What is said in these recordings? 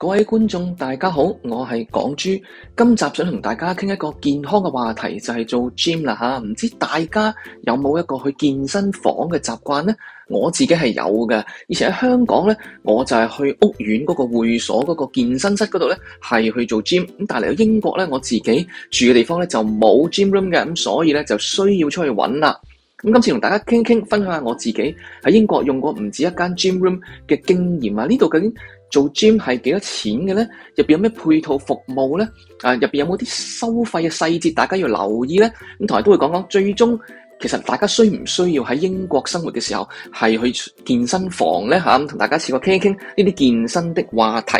各位觀眾大家好，我係港豬，今集想同大家傾一個健康嘅話題，就係、是、做 gym 啦吓，唔知大家有冇一個去健身房嘅習慣呢？我自己係有嘅，以前喺香港呢，我就係去屋苑嗰個會所嗰個健身室嗰度呢，係去做 gym，咁但係嚟到英國呢，我自己住嘅地方呢，就冇 gym room 嘅，咁所以呢，就需要出去揾啦。咁今次同大家傾傾，分享下我自己喺英國用過唔止一間 gym room 嘅經驗啊！呢度究竟做 gym 係幾多錢嘅咧？入邊有咩配套服務咧？啊，入邊有冇啲收費嘅細節大家要留意咧？咁同埋都會講講，最終其實大家需唔需要喺英國生活嘅時候係去健身房咧？吓、啊，同大家試過傾一傾呢啲健身的話題。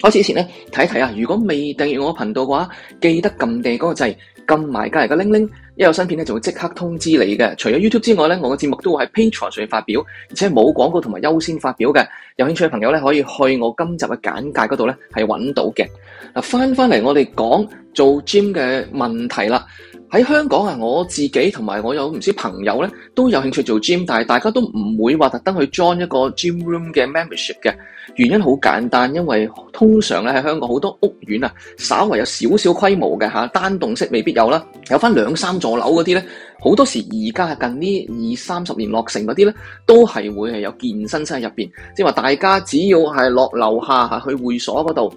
開始之前咧，睇一睇啊！如果未訂閱我頻道嘅話，記得撳定嗰個掣。撳埋隔籬嘅鈴鈴，一有新片咧，就會即刻通知你嘅。除咗 YouTube 之外咧，我嘅節目都會喺 Patreon 上發表，而且冇廣告同埋優先發表嘅。有興趣嘅朋友咧，可以去我今集嘅簡介嗰度咧係揾到嘅。嗱，翻翻嚟我哋講做 Gym 嘅問題啦。喺香港啊，我自己同埋我有唔少朋友呢，都有興趣做 gym，但係大家都唔會話特登去 join 一個 gym room 嘅 membership 嘅。原因好簡單，因為通常呢喺香港好多屋苑啊，稍為有少少規模嘅嚇，單棟式未必有啦，有翻兩三座樓嗰啲呢，好多時而家係近呢二三十年落成嗰啲呢，都係會係有健身室喺入面，即係話大家只要係落樓下去會所嗰度。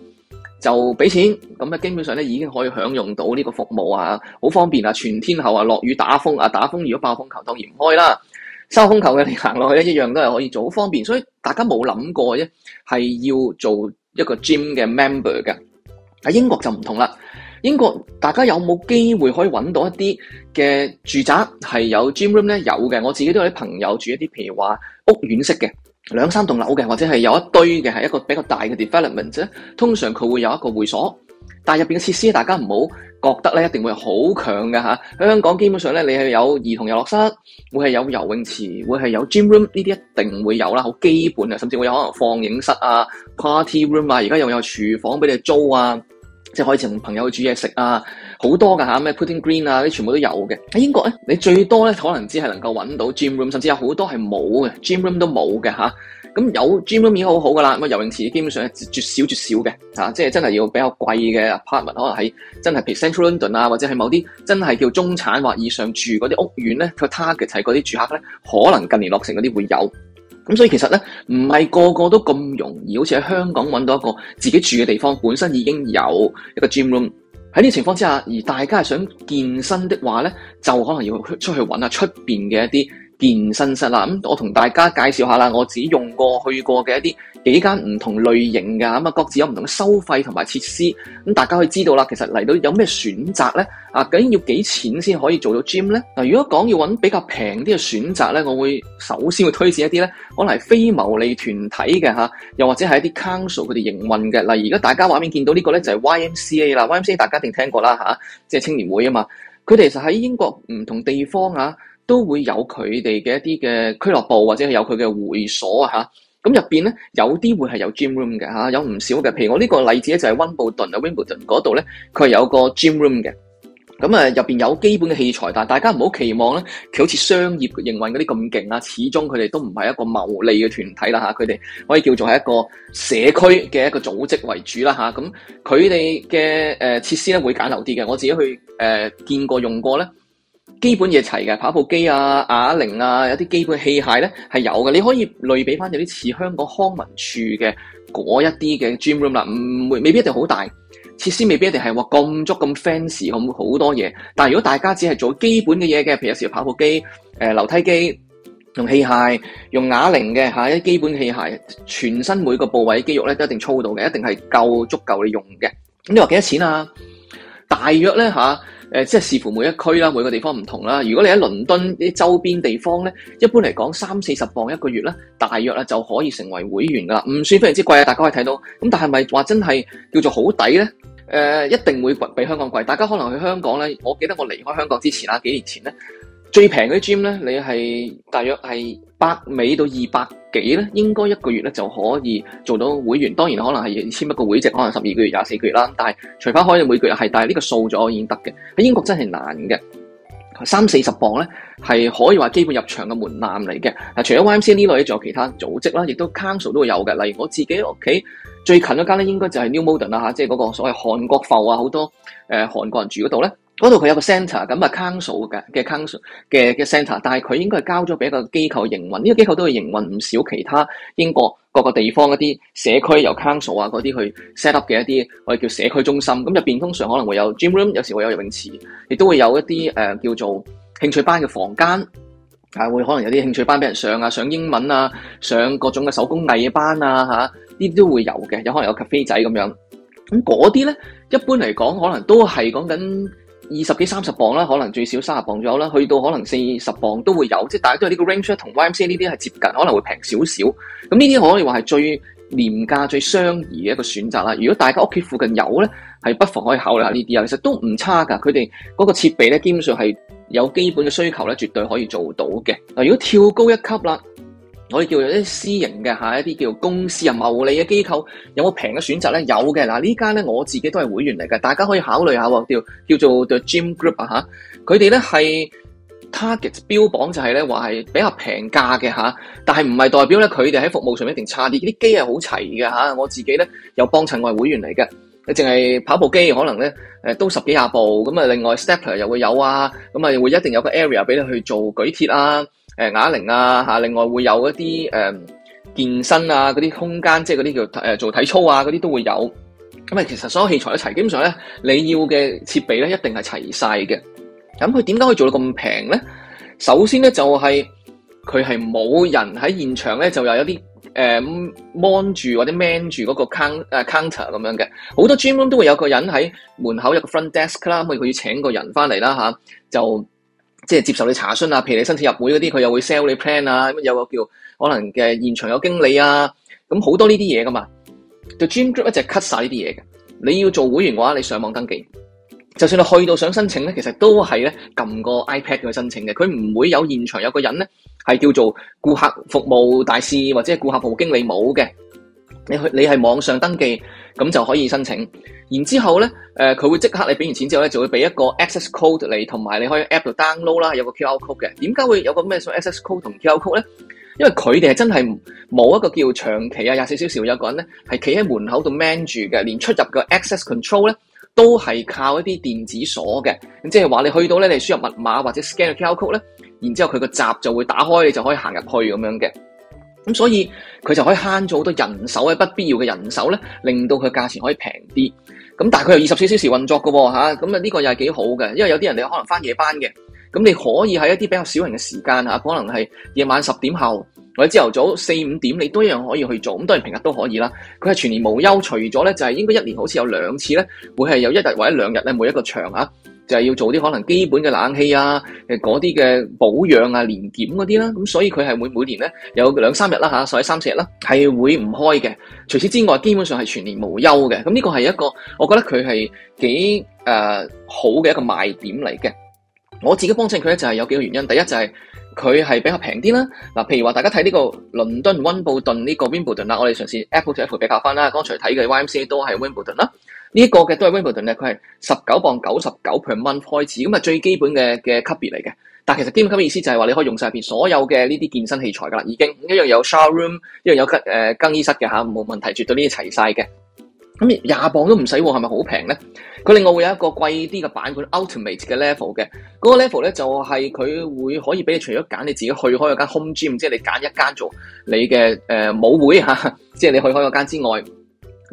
就俾錢，咁咧基本上咧已經可以享用到呢個服務啊，好方便啊，全天候啊，落雨打風啊，打風如果爆風球當然唔開啦，收風球嘅你行落去一樣都係可以做，好方便，所以大家冇諗過啫，係要做一個 gym 嘅 member 嘅。喺英國就唔同啦，英國大家有冇機會可以揾到一啲嘅住宅係有 gym room 咧？有嘅，我自己都有啲朋友住一啲，譬如話屋苑式嘅。兩三棟樓嘅，或者係有一堆嘅，係一個比較大嘅 development 啫。通常佢會有一個會所，但係入邊嘅設施，大家唔好覺得咧，一定會好強㗎。吓。喺香港基本上咧，你係有兒童遊樂室，會係有游泳池，會係有 gym room，呢啲一定會有啦，好基本啊，甚至會有可能放映室啊、party、啊、room 啊，而家又有廚房俾你租啊。即係可以同朋友去煮嘢食啊，好多噶嚇，咩 putting green 啊，啲全部都有嘅，喺英國咧。你最多咧，可能只係能夠揾到 gym room，甚至有好多係冇嘅 gym room 都冇嘅吓，咁有，啊，有 gym room 已經好好噶啦。咁游泳池基本上係絕少絕少嘅，吓，即係真係要比較貴嘅 apartment，可能喺真係譬如 Central London 啊，或者係某啲真係叫中產或以上住嗰啲屋苑咧，佢 target 就係嗰啲住客咧，可能近年落成嗰啲會有。咁所以其實咧，唔係個個都咁容易，好似喺香港揾到一個自己住嘅地方，本身已經有一個 gym room。喺呢個情況之下，而大家想健身嘅話咧，就可能要出去揾下出面嘅一啲健身室啦，咁我同大家介紹下啦，我自己用過去過嘅一啲幾間唔同類型嘅，咁啊各自有唔同嘅收費同埋設施，咁大家可以知道啦。其實嚟到有咩選擇呢？啊，究竟要幾錢先可以做到 gym 呢？嗱、啊，如果講要揾比較平啲嘅選擇呢，我會首先會推薦一啲呢，可能係非牟利團體嘅、啊、又或者係一啲 council 佢哋營運嘅。嗱、啊，而家大家畫面見到呢個呢啦，就係 YMCA 啦，YMCA 大家一定聽過啦、啊、即係青年會啊嘛。佢哋其實喺英國唔同地方啊，都會有佢哋嘅一啲嘅俱樂部，或者係有佢嘅會所啊，咁入面咧有啲會係有 gym room 嘅、啊、有唔少嘅。譬如我呢個例子咧，就係温布頓啊，温布頓嗰度咧，佢係有個 gym room 嘅。咁啊，入面有基本嘅器材，但大家唔好期望咧，佢好似商業嘅營運嗰啲咁勁啊。始終佢哋都唔係一個牟利嘅團體啦，佢哋可以叫做係一個社區嘅一個組織為主啦，咁佢哋嘅誒設施咧會簡陋啲嘅，我自己去誒、呃、見過用過咧。基本嘢齊嘅跑步機啊、啞鈴啊，有啲基本器械咧係有嘅。你可以類比翻有啲似香港康文處嘅嗰一啲嘅 gym room 啦，唔未必一定好大，設施未必一定係話咁足咁 fancy 咁好多嘢。但係如果大家只係做基本嘅嘢嘅，譬如有時跑步機、呃、樓梯機、用器械、用啞鈴嘅嚇，一啲基本器械，全身每個部位肌肉咧都一定操到嘅，一定係夠足夠你用嘅。咁你話幾多錢啊？大約咧誒、呃、即係視乎每一區啦，每個地方唔同啦。如果你喺倫敦啲周邊地方呢，一般嚟講三四十磅一個月啦，大約啊就可以成為會員噶啦，唔算非常之貴啊。大家可以睇到，咁但係咪話真係叫做好抵呢？誒、呃，一定會比香港貴。大家可能去香港呢，我記得我離開香港之前啦，幾年前呢，最平嗰啲 gym 呢，你係大約係百美到二百。幾咧應該一個月咧就可以做到會員，當然可能係簽一個會籍，可能十二個月、廿四個月啦。但係除翻開嘅每個月係，但係呢個數咗我已經得嘅喺英國真係難嘅三四十磅咧，係可以話基本入場嘅門檻嚟嘅。嗱，除咗 YMCA 呢類仲有其他組織啦，亦都 Council 都會有嘅。例如我自己屋企最近一間咧，應該就係 New Modern 啦，嚇，即係嗰個所謂韓國埠啊，好多誒、呃、韓國人住嗰度咧。嗰度佢有個 centre 咁啊 council 嘅嘅 council 嘅嘅 centre，但係佢應該係交咗俾一個機構營運，呢個機構都會營運唔少其他英國各個地方一啲社區由 council 啊嗰啲去 set up 嘅一啲我哋叫社區中心，咁入邊通常可能會有 gym room，有時會有游泳池，亦都會有一啲、呃、叫做興趣班嘅房間，啊會可能有啲興趣班俾人上啊，上英文啊，上各種嘅手工藝班啊呢啲、啊、都會有嘅，有可能有 cafe 仔咁樣，咁嗰啲咧一般嚟講可能都係講緊。二十幾三十磅啦，可能最少三十磅左右啦，去到可能四十磅都會有，即係大家都係呢個 range 同 YMC 呢啲係接近，可能會平少少。咁呢啲可以話係最廉價、最相宜嘅一個選擇啦。如果大家屋企附近有呢，係不妨可以考慮下呢啲啊，其實都唔差㗎。佢哋嗰個設備呢，基本上係有基本嘅需求呢，絕對可以做到嘅。嗱，如果跳高一級啦。我哋叫做一啲私營嘅下一啲叫公司啊、牟利嘅機構有冇平嘅選擇咧？有嘅嗱，有的這家呢間咧我自己都係會員嚟嘅，大家可以考慮下喎。叫叫做 The Gym Group 啊，嚇佢哋咧係 target 標榜就係咧話係比較平價嘅嚇，但係唔係代表咧佢哋喺服務上面一定差啲，啲機係好齊嘅嚇。我自己咧又幫襯我係會員嚟嘅，你淨係跑步機可能咧誒都十幾廿部咁啊，另外 Stepper 又會有啊，咁啊會一定有個 Area 俾你去做舉鐵啊。誒啞鈴啊嚇，另外會有一啲誒、嗯、健身啊嗰啲空間，即係嗰啲叫誒做體操啊嗰啲都會有。咁啊，其實所有器材一齊，基本上咧你要嘅設備咧一定係齊晒嘅。咁佢點解可以做到咁平咧？首先咧就係佢係冇人喺現場咧，就有一啲誒幫住或者 man 住嗰個 counter 咁樣嘅。好多 gym room 都會有個人喺門口有個 front desk 啦，咁佢要請個人翻嚟啦嚇，就。即係接受你查詢啊，譬如你申請入會嗰啲，佢又會 sell 你 plan 啊，咁有個叫可能嘅現場有經理啊，咁好多呢啲嘢噶嘛。就 Gym Group 一直 cut 晒呢啲嘢嘅，你要做會員嘅話，你上網登記。就算你去到想申請咧，其實都係咧撳個 iPad 去申請嘅，佢唔會有現場有個人咧係叫做顧客服務大使或者係顧客服務經理冇嘅。你去你係網上登記，咁就可以申請，然之後咧，佢、呃、會即刻你俾完錢之後咧，就會俾一個 access code 你，同埋你可以喺 app 度 download 啦，有個 QR code 嘅。點解會有個咩叫 access code 同 QR code 咧？因為佢哋係真係冇一個叫長期啊廿四小時有個人咧係企喺門口度 man 住嘅，連出入嘅 access control 咧都係靠一啲電子鎖嘅。咁即係話你去到咧，你輸入密碼或者 scan 個 QR code 咧，然之後佢個閘就會打開，你就可以行入去咁樣嘅。咁所以佢就可以慳咗好多人手嘅不必要嘅人手咧，令到佢價錢可以平啲。咁但係佢有二十四小時運作嘅喎，咁啊呢個又係幾好嘅，因為有啲人你可能返夜班嘅，咁你可以喺一啲比較小型嘅時間、啊、可能係夜晚十點後或者朝頭早四五點，你都一樣可以去做，咁當然平日都可以啦。佢係全年無休，除咗咧就係、是、應該一年好似有兩次咧，會係有一日或者兩日咧每一個場啊。就係要做啲可能基本嘅冷氣啊，誒嗰啲嘅保養啊、年檢嗰啲啦，咁所以佢係每每年咧有兩三日啦嚇，或者三四日啦、啊，係會唔開嘅。除此之外，基本上係全年無休嘅。咁呢個係一個我覺得佢係幾誒好嘅一個賣點嚟嘅。我自己幫襯佢咧就係、是、有幾個原因。第一就係佢係比較平啲啦。嗱、啊，譬如話大家睇呢個倫敦温布頓呢、這個温布頓啦，我哋嘗試 Apple to Apple 比較翻啦、啊，剛才睇嘅 YMCA 都係温布頓啦。呢一個嘅都係 Wimbledon 咧，佢係十九磅九十九 per month 開始，咁啊最基本嘅嘅級別嚟嘅。但其實基本級嘅意思就係話你可以用晒入邊所有嘅呢啲健身器材噶啦，已經一樣有 shower room 一樣有更誒、呃、更衣室嘅吓，冇問題，絕對呢啲齊晒嘅。咁、嗯、廿磅都唔使，係咪好平咧？佢另外會有一個貴啲嘅版本 ultimate 嘅 level 嘅，嗰、那個 level 咧就係、是、佢會可以俾你除咗揀你自己去開一間 home gym，即係你揀一間做你嘅誒舞會吓、啊，即係你去開個間之外，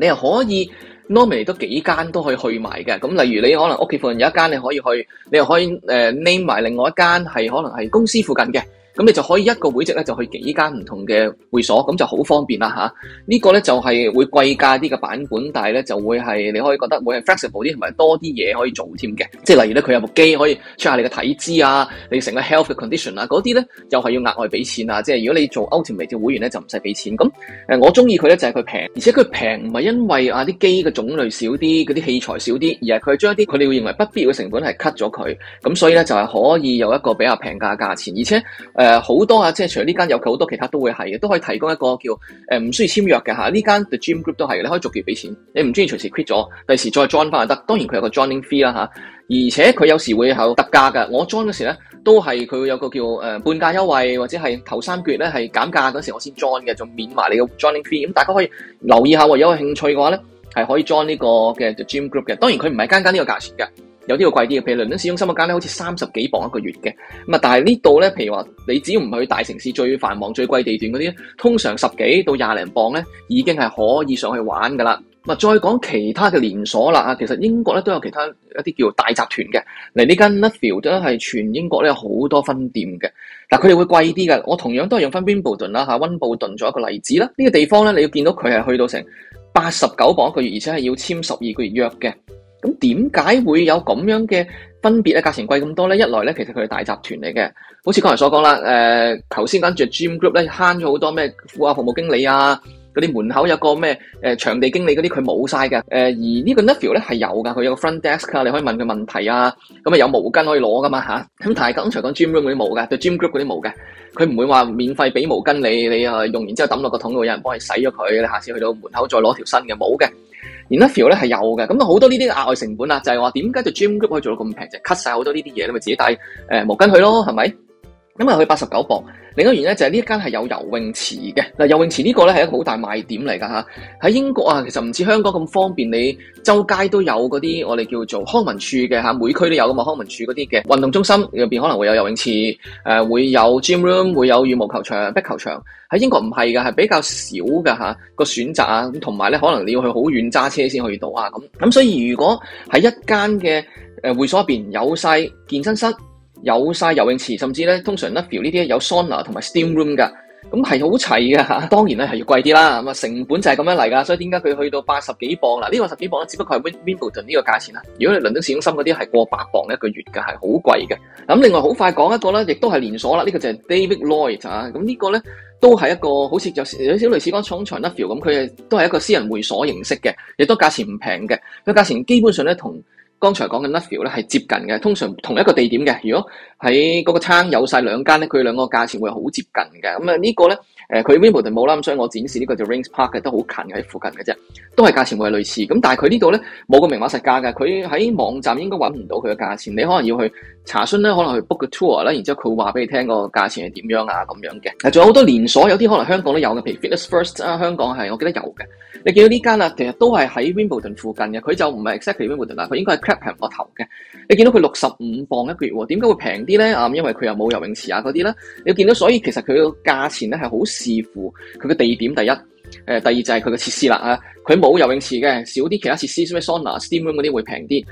你又可以。Normally 都幾間都可以去埋嘅。咁例如你可能屋企附近有一間你可以去，你又可以誒拎埋另外一間係可能係公司附近嘅。咁你就可以一個會籍咧，就去幾間唔同嘅會所，咁就好方便啦嚇。啊，這個、呢個咧就係、是、會貴價啲嘅版本，但係咧就會係你可以覺得會係 flexible 啲，同埋多啲嘢可以做添嘅。即係例如咧，佢有部機可以 check 下你嘅體脂啊，你成個 health condition 啊，嗰啲咧又係要額外俾錢啊。即係如果你做 ultimate 會員咧，就唔使俾錢。咁我中意佢咧就係佢平，而且佢平唔係因為啊啲機嘅種類少啲，嗰啲器材少啲，而係佢將一啲佢哋會認為不必要嘅成本係 cut 咗佢。咁所以咧就係、是、可以有一個比較平價嘅價錢，而且、呃誒，好多啊，即係除咗呢間有好多其他都會係嘅，都可以提供一個叫誒，唔需要簽約嘅吓。呢間 The Gym Group 都係，你可以逐月俾錢，你唔中意隨時 quit 咗，第時再 join 翻就得。當然佢有個 joining fee 啦吓，而且佢有時會有特價嘅。我 join 嗰時咧，都係佢有個叫誒半價優惠，或者係頭三個月咧係減價嗰時，我先 join 嘅，就免埋你嘅 joining fee。咁大家可以留意下，如果有興趣嘅話咧，係可以 join 呢個嘅 The Gym Group 嘅。當然佢唔係間間呢個價錢嘅。有啲要貴啲嘅，譬如倫敦市中心嗰間咧，好似三十幾磅一個月嘅，咁啊，但係呢度咧，譬如話你只要唔去大城市最繁忙、最貴地段嗰啲，通常十幾到廿零磅咧，已經係可以上去玩㗎啦。咁啊，再講其他嘅連鎖啦啊，其實英國咧都有其他一啲叫大集團嘅，嚟呢間 Nuffield 都係全英國咧有好多分店嘅。嗱，佢哋會貴啲嘅，我同樣都係用翻温、啊、布頓啦嚇，温布頓做一個例子啦。呢、這個地方咧，你要見到佢係去到成八十九磅一個月，而且係要簽十二個月約嘅。點解會有咁樣嘅分別咧？價錢貴咁多咧？一來咧，其實佢係大集團嚟嘅，好似剛才所講啦。誒、呃，頭先跟住 Gym Group 咧，慳咗好多咩副啊服務經理啊。嗰啲門口有個咩？誒、呃、場地經理嗰啲佢冇晒嘅，誒、呃、而個呢個 Nuffield 咧係有噶，佢有個 front desk 啊，你可以問佢問題啊，咁、嗯、啊有毛巾可以攞噶嘛嚇。咁、啊、但係剛才講 gym room 嗰啲冇嘅，對 gym group 嗰啲冇嘅，佢唔會話免費俾毛巾你，你啊用完之後抌落個桶度，有人幫你洗咗佢，你下次去到門口再攞條新嘅冇嘅。而 Nuffield 咧係有嘅，咁好、嗯、多呢啲嘅額外成本啊，就係話點解對 gym group 可以做到咁平啫？cut 晒好多呢啲嘢，你咪自己帶誒毛巾去咯，係咪？咁啊，去八十九磅。另一個原因就係呢一間係有游泳池嘅。嗱，游泳池呢個呢係一個好大賣點嚟㗎嚇。喺英國啊，其實唔似香港咁方便，你周街都有嗰啲我哋叫做康文署嘅嚇，每區都有噶嘛，康文署嗰啲嘅運動中心入邊，可能會有游泳池，誒、呃、會有 gym room，會有羽毛球場、壁球場。喺英國唔係㗎，係比較少㗎嚇、啊、個選擇啊。咁同埋呢可能你要去好遠揸車先去到啊。咁咁，所以如果喺一間嘅誒會所入邊有曬健身室。有晒游泳池，甚至咧通常 Nuffield 呢啲有 sauna 同埋 steam room 噶，咁係好齊噶嚇。當然咧係要貴啲啦，咁啊成本就係咁樣嚟噶，所以點解佢去到八十幾磅嗱？呢、這個十幾磅咧，只不過係 Wimbledon 呢個價錢啦。如果你倫敦市中心嗰啲係過百磅一個月嘅，係好貴嘅。咁、嗯、另外好快講一個咧，亦都係連鎖啦。呢、這個就係 David Lloyd 啊。咁、嗯這個、呢個咧都係一個好似就有少少類似講廠場 Nuffield 咁，佢都係一個私人會所形式嘅，亦都價錢唔平嘅。佢價錢基本上咧同，剛才講嘅 Nuffield 係接近嘅，通常同一個地點嘅，如果喺嗰個餐有晒兩間咧，佢兩個價錢會好接近嘅。咁啊，呢個呢誒佢 Wimbledon 冇啦，咁所以我展示呢個就 Rings Park 嘅，都好近喺附近嘅啫，都係價錢會係類似。咁但係佢呢度咧冇個明碼實價嘅，佢喺網站應該揾唔到佢嘅價錢，你可能要去查詢咧，可能去 book tour，個 tour 啦，然之後佢會話俾你聽個價錢係點樣啊咁樣嘅。仲有好多連鎖，有啲可能香港都有嘅，譬如 Fitness First 啊，香港係我記得有嘅。你見到呢間啊，其實都係喺 Wimbledon 附近嘅，佢就唔係 exactly Wimbledon 啦，佢應該係 Clapham 個頭嘅。你見到佢六十五磅一個月喎，點解會平啲咧？啊，因為佢又冇游泳池啊嗰啲啦。你見到所以其實佢個價錢咧係好。視乎佢嘅地點，第一，誒，第二就係佢嘅設施啦啊，佢冇游泳池嘅，少啲其他設施，sauna steam room 嗰啲會平啲。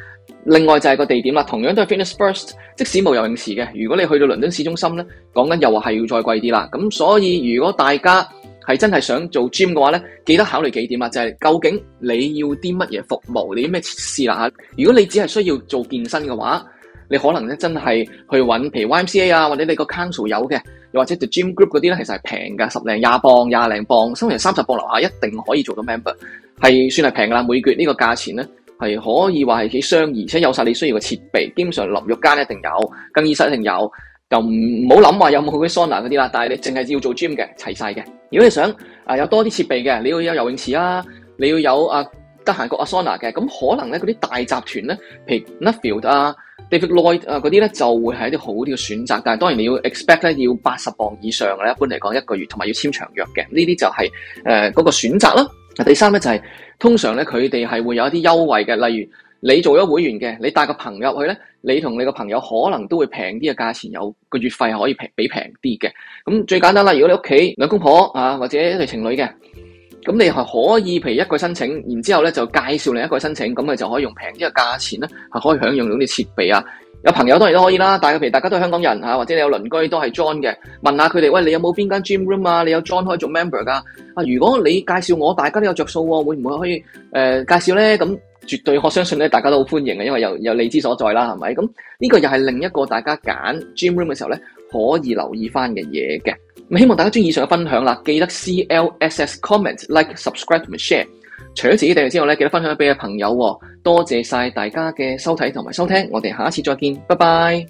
另外就係個地點啦，同樣都係 Fitness First，即使冇游泳池嘅，如果你去到倫敦市中心咧，講緊又話係要再貴啲啦。咁所以如果大家係真係想做 gym 嘅話咧，記得考慮幾點啊，就係、是、究竟你要啲乜嘢服務，你啲咩設施啦吓。如果你只係需要做健身嘅話。你可能咧真係去揾，譬如 YMCA 啊，或者你個 Council 有嘅，又或者 The Gym Group 嗰啲咧，其實係平噶，十零廿磅、廿零磅，甚至三十磅樓下一定可以做到 member，係算係平噶啦。每月呢個價錢咧係可以話係幾相宜，而且有晒你需要嘅設備，基本上淋浴間一定有，更衣室一定有，就唔好諗話有冇嗰啲 sauna 嗰啲啦。但係你淨係要做 gym 嘅，齊晒嘅。如果你想啊、呃、有多啲設備嘅，你要有游泳池啊，你要有啊得閒個啊 sauna 嘅，咁可能咧嗰啲大集團咧，譬如 Nuffield 啊。David Lloyd 啊嗰啲咧就會係一啲好啲嘅選擇，但係當然你要 expect 咧要八十磅以上嘅咧，一般嚟講一個月，同埋要簽長約嘅，呢啲就係誒嗰個選擇啦。第三咧就係、是、通常咧佢哋係會有一啲優惠嘅，例如你做咗會員嘅，你帶個朋友去咧，你同你個朋友可能都會平啲嘅價錢，有個月費係可以平俾平啲嘅。咁最簡單啦，如果你屋企兩公婆啊，或者一對情侶嘅。咁你係可以譬如一個申請，然之後咧就介紹另一個申請，咁啊就可以用平啲嘅價錢咧，係可以享用到啲設備啊。有朋友當然都可以啦，但係譬如大家都係香港人吓、啊，或者你有鄰居都係 join 嘅，問下佢哋喂，你有冇邊間 gym room 啊？你有 join 開做 member 噶？啊，如果你介紹我，大家都有着數喎，會唔會可以誒、呃、介紹呢？咁絕對我相信咧，大家都好歡迎啊，因為有有利之所在啦，係咪？咁呢個又係另一個大家揀 gym room 嘅時候咧，可以留意翻嘅嘢嘅。希望大家鍾意以上嘅分享啦，記得 CLSS comment like subscribe 同 share。除咗自己訂閱之外咧，記得分享俾你嘅朋友喎。多謝晒大家嘅收睇同埋收聽，我哋下一次再見，拜拜。